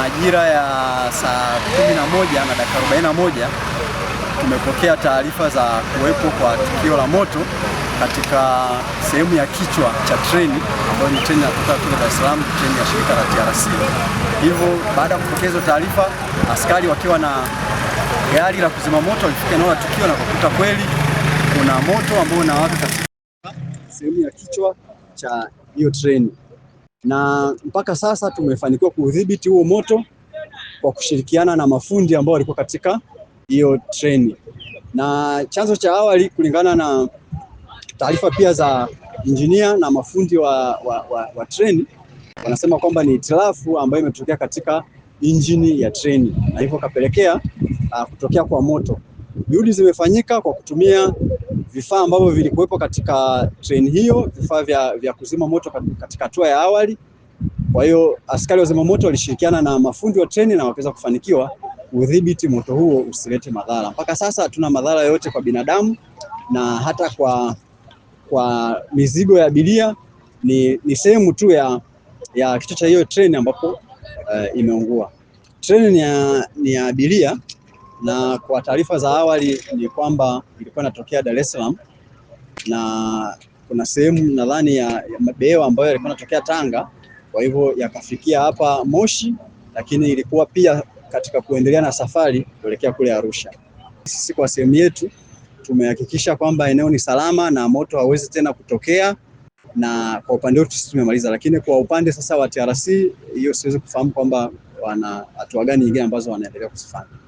Majira ya saa 11 na dakika moja tumepokea taarifa za kuwepo kwa tukio la moto katika sehemu ya kichwa cha treni ambayo ni treni inatoka kule Dar es Salaam, treni ya shirika la TRC. Hivyo baada ya kupokea hizo taarifa, askari wakiwa na gari la kuzima moto walifika eneo la tukio na kukuta kweli kuna moto ambao unawaka katika sehemu ya kichwa cha hiyo treni na mpaka sasa tumefanikiwa kuudhibiti huo moto kwa kushirikiana na mafundi ambao walikuwa katika hiyo treni. Na chanzo cha awali kulingana na taarifa pia za injinia na mafundi wa, wa, wa, wa treni wanasema kwamba ni hitilafu ambayo imetokea katika injini ya treni na hivyo kapelekea uh, kutokea kwa moto. Juhudi zimefanyika kwa kutumia vifaa ambavyo vilikuwepo katika treni hiyo, vifaa vya, vya kuzima moto katika hatua ya awali. Kwa hiyo askari wa zimamoto walishirikiana na mafundi wa treni na wakaweza kufanikiwa udhibiti moto huo usilete madhara. Mpaka sasa hatuna madhara yoyote kwa binadamu na hata kwa kwa mizigo ya abiria. Ni, ni sehemu tu ya, ya kichwa cha hiyo treni ambapo uh, imeungua. Treni ni ya, ni ya abiria na kwa taarifa za awali ni kwamba ilikuwa inatokea Dar es Salaam na kuna sehemu nadhani ya, ya mabehewa ambayo yalikuwa yanatokea Tanga, kwa hivyo yakafikia hapa Moshi, lakini ilikuwa pia katika kuendelea na safari kuelekea kule Arusha. Sisi kwa sehemu yetu tumehakikisha kwamba eneo ni salama na moto hauwezi tena kutokea, na kwa upande wetu sisi tumemaliza, lakini kwa upande sasa wa TRC hiyo siwezi kufahamu kwamba wana hatua gani nyingine ambazo wanaendelea kuzifanya.